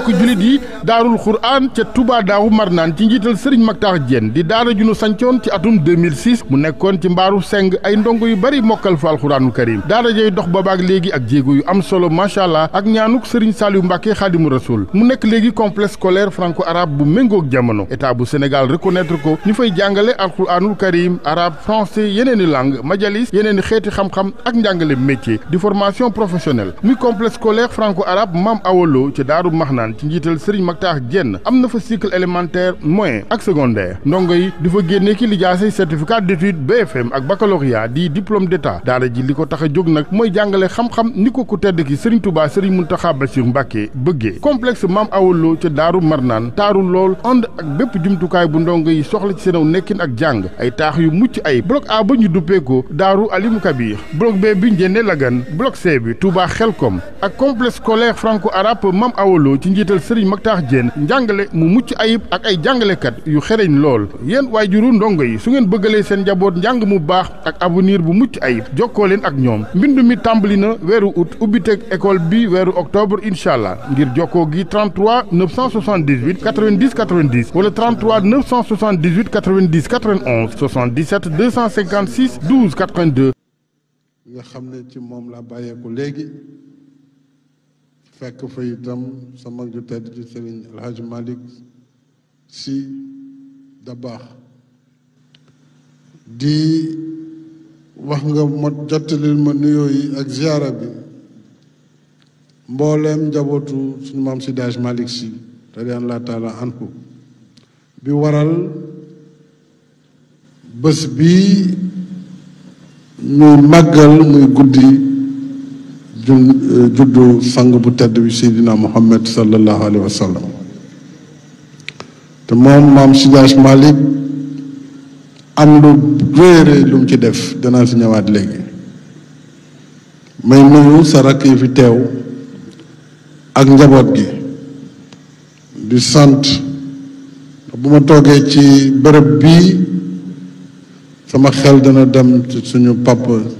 mbokk julit yi daarul xuraan ca Touba Daaru Marnaan ci njiital Serigne Mactar Diène di daara ju ci atum 2006 mu nekkoon ci mbaaru seng ay ndongo yu bari mokkal fa alxuraanul karim daara jay dox boobaak léegi ak jéego yu am solo macha allah ak ñaanuk Serigne Saliou Mbacke xaadimu rasul mu nekk léegi complexe scolaire franco arabe bu méngoog jamono état bu Sénégal reconnaître ko ñu fay jàngale alxuraanul karim arabe français yeneeni langue majalis yeneeni xeeti xam ak njàngale métier di formation professionnelle muy complexe scolaire franco arabe maam awolo ca daaru Ndangaan ci njiital Serigne Makhtar Diène am na fa cycle élémentaire moyen ak secondaire ndongo yi di fa génne ki lijaasay certificat d'étude BFM ak baccalauréat di diplôme d'état daara ji li ko tax a jóg nag mooy jàngale xam-xam ni ko ku tedd ki Serigne Touba Serigne Mountakha Bassirou Mbacké bëggee complexe Maam Awa Lo ca Daaru Marnaan taaru lool ànd ak bépp jumtukaay bu ndongo yi soxla ci seenaw nekkin ak jàng ay taax yu mucc ay bloc A ba ñu duppee Daaru Alimu Kabir bloc B bi Njéene Lagan bloc bi Touba Xelkom ak complexe njiital sëriñ Maktaax Jéen njàngale mu mucc ayib ak ay jàngalekat yu xereñ lool yéen waajuru ndongo yi su ngeen bëggalee seen njaboot njàng mu baax ak avenir bu mucc ayib jokkoo ak ñoom mbind mi tàmbali na weeru août ubbiteeg école bi weeru octobre incha allah ngir jokkoo gi 33 978 90 90 wala 33 978 90 91 77 256 12 82. nga xam ne ci moom la bàyyeeku léegi. fekk fa itam sa mag ju tedd ci Serigne El Hadj Malick Sy Dabakh di wax nga mot jottalil ma nuyoo yi ak ziara bi mbooleem njabootu suñu maam Seydi Hadj Malick Sy radiyallahu taala anhu bi waral bés bi ñu màggal muy guddi jum eh, juddu sang bu tedd bi seydina muhammad sallallahu alayhi wa te moom maam Sidaaj Malick am lu réere lu ci def danaa si ñëwaat léegi may nuyu sa rakk yi fi teew ak njaboot gi di sant bu ma toogee ci bërëb bii sama xel dana dem suñu papa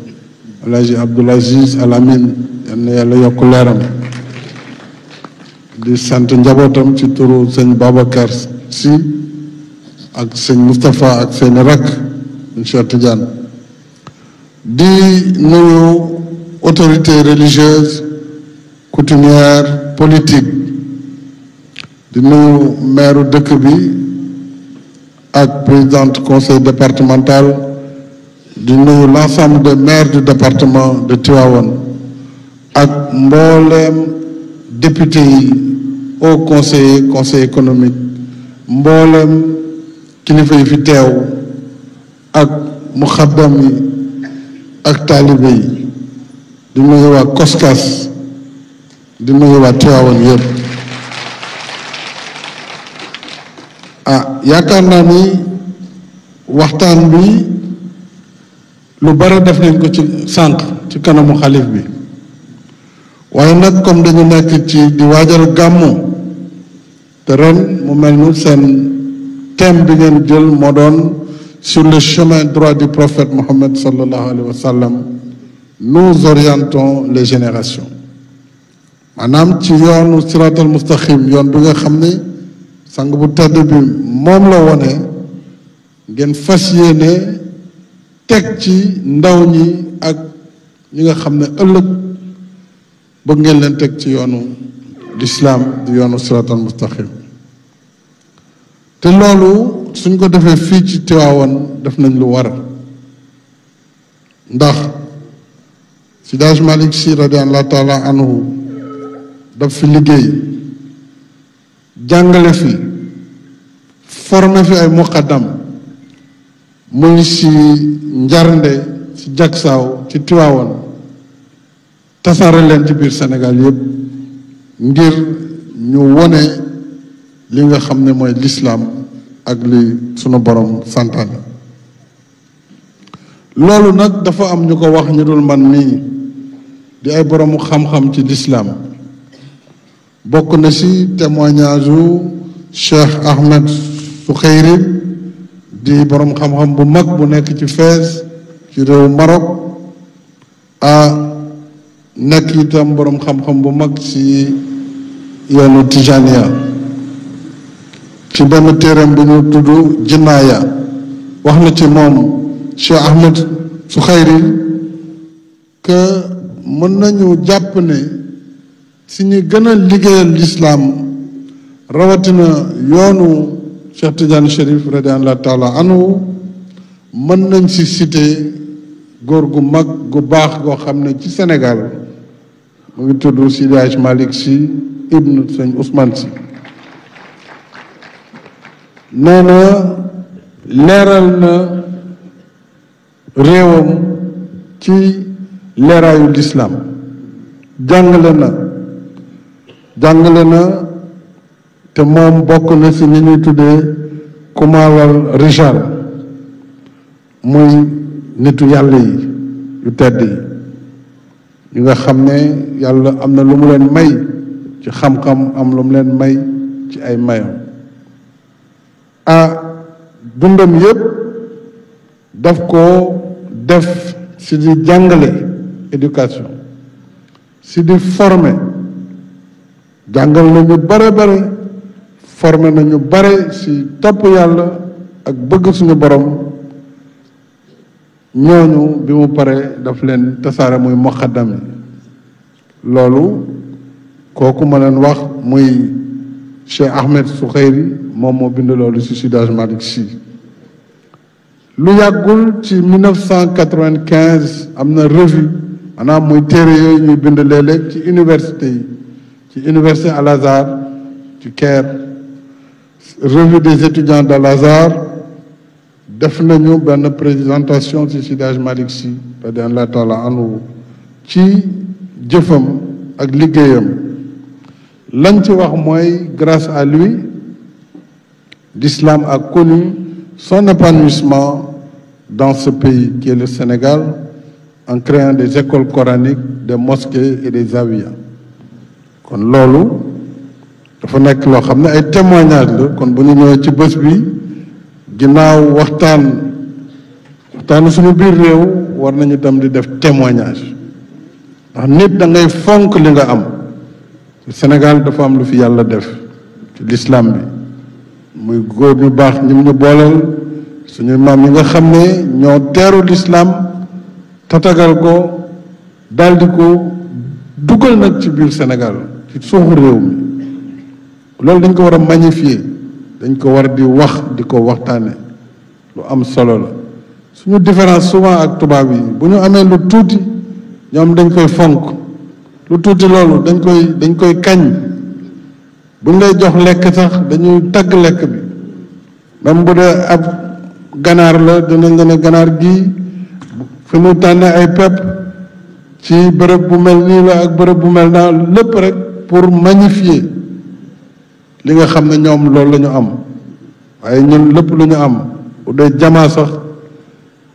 El Hadj Abdoul Aziz Al Amine yal na yàlla yokk leeram di sant njabootam ci turu sëñ Babacar Sy ak sëñ Moustapha ak seen rakk Cheikh Tidiane di nuyu autorités religieuses coutumières politiques di nuyu mairu dëkk bi ak présidente conseil départemental di nuyu l'ensemble des maires du département de Tivaouane ak mbooleem député yi au conseiller conseil économique mbooleem kilifa yi fi teew ak muxaddam yi ak taalibe yi di nuyu waa Koskas di nuyu waa Tivaouane yëpp ah yaakaar naa ni waxtaan bi lu bare def nañ ko ci sànq ci kanamu xalif bi waaye nag comme dañu nekk ci di waajal gàmmu te ren mu mel ni seen thème bi ngeen jël moo doon sur le chemin droit du prophète Mohammed sallallahu alayhi wa sallam nous orientons les générations maanaam ci yoonu siratal mustaqim yoon bi nga xam ni sang bu tedd bi moom la wone ngeen fas yéene teg ci ndaw ñi ak ñi nga xam ne ëllëg bëgg ngeen leen teg ci yoonu lislaam di yoonu siraatal mustaqim te loolu suñ ko defee fii ci Tiwaawan def nañ lu war ndax Seydi Hadji Malick Sy la taala anhu daf fi liggéey jàngale fi former fi ay muqaddam mu ngi si njarnde ci jagsaaw ci Tiwaawan tasaare leen ci biir senegal yëpp ngir ñu wone li nga xam ne mooy lislaam ak li sunu borom santaane loolu nag dafa am ñu ko wax ñu dul man mii di ay boroomu xam-xam ci lislaam bokk na ci témoignage u Cheikh Ahmed Soukheyri di borom xam-xam bu mag bu nekk ci Fès ci réew Maroc a nekk itam borom xam-xam bu mag ci yoonu Tijaniya ci benn téereem bu ñu tudd Jinnaaya wax na ci moom Cheikh Ahmed Soukhayri que mën nañu jàpp ne si ñu gën a liggéeyal lislaam rawatina yoonu Cheikh Tidiane Chérif radiallahu taala anhu mën nañ si site góor gu mag gu baax goo xam ne ci Sénégal mu ngi tudd Sidi Hadj Malick Sy ibn sëñ Ousmane si nee na leeral na réewam ci leeraayu lislaam jàngale na jàngale na te moom bokk na si ñi ñuy tuddee Kumaawal Richard muy nitu yàlla yi yu tedd yi ñu nga xam ne yàlla am na lu mu leen may ci xam-xam am lu mu leen may ci ay mayam ah dundam yépp daf ko def si di jàngale éducation ci di former jàngal nañu bare bare formé na ñu bare ci topp yàlla ak bëgg suñu borom ñooñu bi mu paree daf leen tasaare muy muqaddam yi loolu kooku ma leen wax muy Cheikh Ahmed Soukhayri moom moo bind loolu si Sudage Malick Sy lu yàggul ci am na revue maanaam muy téere yooyu ñuy bind léeg-léeg ci université yi ci université Al ci Caire revue des étudiants de Lazare def nañu benn présentation ci Seydi Hadji Malick Sy radiyallahu taala anhu ci jëfam ak liggéeyam lañ ci wax mooy grâce à lui l'islam a connu son épanouissement dans ce pays qui est le Sénégal en créant des écoles coraniques des mosquées et des zawiyas kon loolu dafa nekk loo xam ne ay témoignage la kon bu ñu ñëwee ci bés bi ginnaaw waxtaan waxtaanu suñu biir réew war nañu tam di def témoignage ndax nit da fonk li nga am Sénégal dafa am lu fi yàlla def ci lislaam bi muy góor ñu baax ñi ñu booleel suñu maam yi nga xam ne ñoo teeru lislaam tatagal ko daldi ko dugal nag ci biir Sénégal ci suuxu réew mi loolu dañ ko war a magnifier dañ ko war di wax di ko waxtaane lu am solo la suñu différence souvent ak tubaab yi bu ñu amee lu tuuti ñoom dañ koy fonk lu tuuti loolu dañ koy dañ koy kañ buñ lay jox lekk sax dañuy tagg lekk bi même bu dee ab ganaar la dinañ la ne ganaar gii fi mu tànne ay pepp ci bërëb bu mel nii la ak bërëb bu mel naa lépp rek pour magnifier li nga xam ne ñoom loolu lañu am waaye ñun lépp lu ñu am bu dee jamaa sax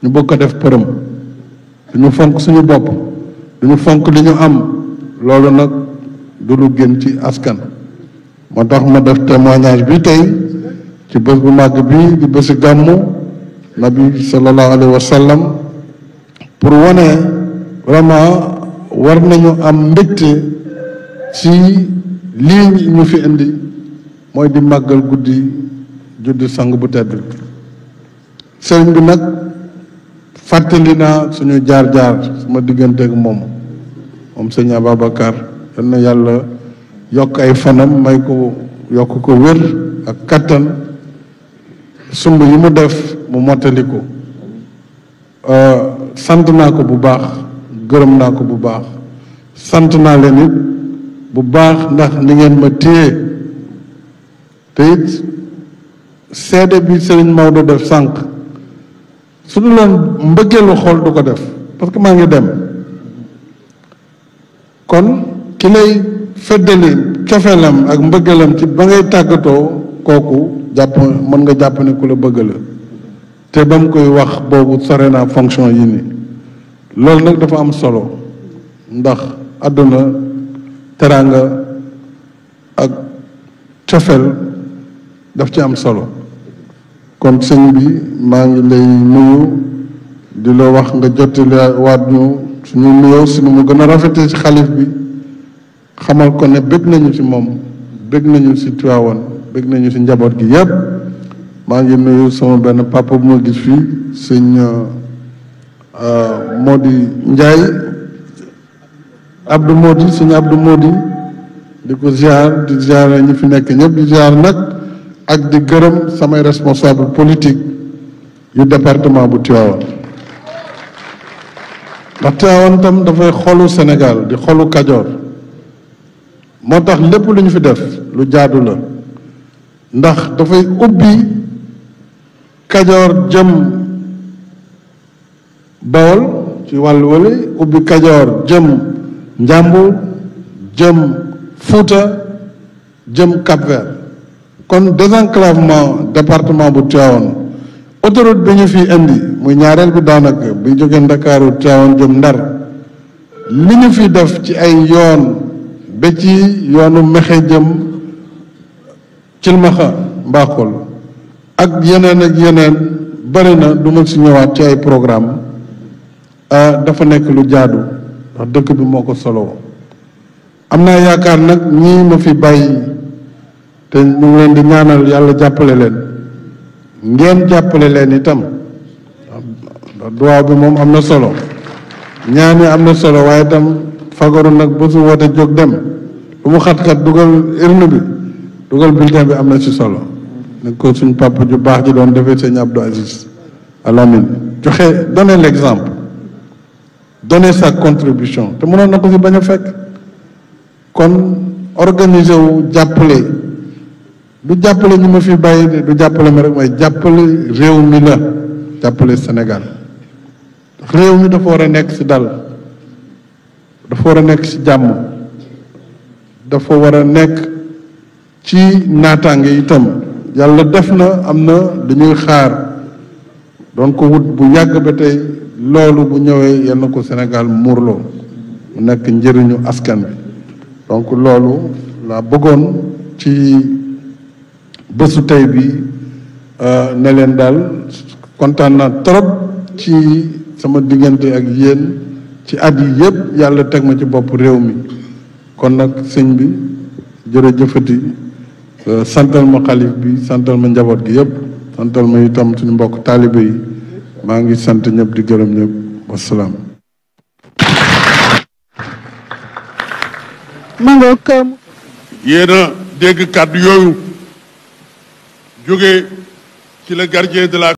ñu bokk ko def përëm duñu fonk suñu bopp duñu fonk li ñu am loolu nag du lu gën ci askan moo tax ma def témoignage bi tey ci bés bu màgg bi di bési gàmmu nabi sallallahu alayhi wa pour wone vraiment war nañu am mbégte ci lii ñu fi indi mooy di màggal guddi juddu sang bu tedd sëriñ bi nag fàttali naa suñu jaar-jaar suma diggante ak moom moom sëñ Ababacar yal na yàlla yokk ay fanam may ko yokk ko wér ak kattan sumb yi mu def mu mottali ko euh, sant naa ko bu baax gërëm naa ko bu baax sant naa leen it bu baax ndax li ngeen ma téye te it seede bi sëriñ Maodo def sànq su du loon mbëggeelu xol du ko def parce que maa ngi dem kon ki lay feddali cofeelam ak mbëggeelam ci ba ngay tàggatoo kooku jàpp mën nga jàpp ne ku la bëgg la te ba mu koy wax boobu sore naa fonction yi ni loolu nag dafa am solo ndax àdduna teraanga ak cofeel daf ci am solo kon sëñ bi maa ngi lay nuyu di la wax nga jottali waat ñu suñu nuyoo si nu mu gën a rafetee ci xalif bi xamal ko ne bëgg nañu ci moom bëgg nañu ci Tiwaawan bëgg nañu ci njaboot gi yépp maa ngi nuyu sama benn papa bu ma gis fii sëñ euh, Mody njaay Abdou Mody sëñ Abdou Mody di ko ziar di ziar ñi fi nekk ñëpp di ziar nag ak di gërëm samay responsable politique yu département bu Tivaouane ndax Tivaouane tam dafay xolu Sénégal di xolu Kajoor moo tax lépp lu ñu fi def lu jaadu la ndax dafay ubbi Kajoor jëm Bawol ci wàll wële ubbi Kajoor jëm njàmbu jëm Fuuta jëm Cap-Vert kon désenclavement département bu Tivaouane autoroute bi ñu fi indi muy ñaareel bi daanaka bi jógee Ndakaaru Tivaouane jëm Ndar li ñu fi def ci ay yoon ba ci yoonu mexe jëm cilmaxa mbaaxul ak yeneen ak yeneen bëri na du ma si ñëwaat ci ay programme ah, dafa nekk lu jaadu ndax dëkk bi moo ko solo am naa yaakaar nag ñii ma fi bàyyi te ñu leen di ñaanal yàlla jàppale leen ngeen jàppale leen itam duwaaw bi moom am na solo ñaan yi am na solo waaye itam fagaru nag ba su woote jóg dem lu mu xat-xat dugal urne bi dugal bulletin bi am na ci solo ne ko suñ papa ju baax ji doon defee sëñ Abdou Aziz Al Amine joxe donner exemple donner sa contribution te mënoon na ko si bañ a fekk kon organiser wu jàppale du jàppale ñu ma fi bàyyi de du jàppale ma rek waaye jàppale réew mi la jàppale Sénégal réew mi dafa war a nekk ci dal dafa war a nekk ci jàmm dafa war a nekk ci naataange itam yàlla def na am na dañuy xaar doon ko wut bu yàgg ba tey loolu bu ñëwee yal na ko Sénégal muurloo mu nekk njëriñu askan bi donc loolu laa bëggoon ci bésu tey bi euh, ne leen daal kontaan naa trop ci sama diggante ak yéen ci at yi yëpp yàlla teg ma ci bopp réew mi kon nag sëñ bi jërëjëfati euh, santal ma xalif bi santal ma njaboot gi yëpp santal ma itam suñu mbokk taalibe yi maa ngi sant ñëpp di gërëm ñëpp wasalaam euh, yéena dégg kàddu yooyu jóge ci le gardien de la